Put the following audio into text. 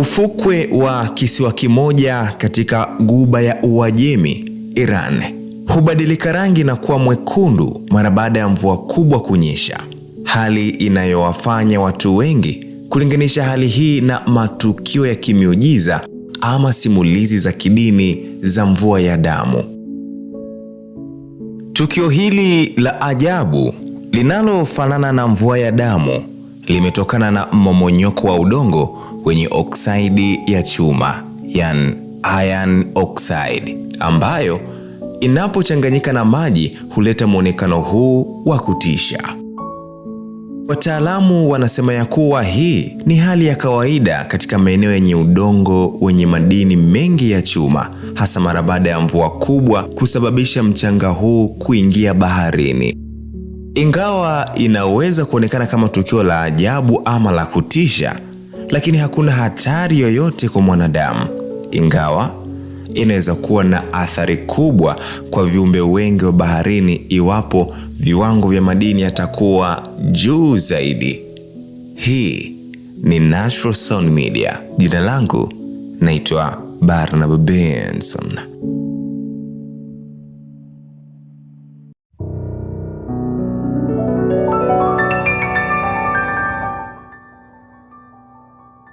Ufukwe wa kisiwa kimoja katika guba ya Uajemi, Iran, hubadilika rangi na kuwa mwekundu mara baada ya mvua kubwa kunyesha, hali inayowafanya watu wengi kulinganisha hali hii na matukio ya kimiujiza ama simulizi za kidini za mvua ya damu. Tukio hili la ajabu linalofanana na mvua ya damu limetokana na mmomonyoko wa udongo wenye oksidi ya chuma, yan iron oxide, ambayo inapochanganyika na maji huleta mwonekano huu wa kutisha. Wataalamu wanasema ya kuwa hii ni hali ya kawaida katika maeneo yenye udongo wenye madini mengi ya chuma, hasa mara baada ya mvua kubwa kusababisha mchanga huu kuingia baharini. Ingawa inaweza kuonekana kama tukio la ajabu ama la kutisha, lakini hakuna hatari yoyote kwa mwanadamu, ingawa inaweza kuwa na athari kubwa kwa viumbe wengi wa baharini iwapo viwango vya madini yatakuwa juu zaidi. Hii ni Natural Sound Media. Jina langu naitwa Barnaba Benson.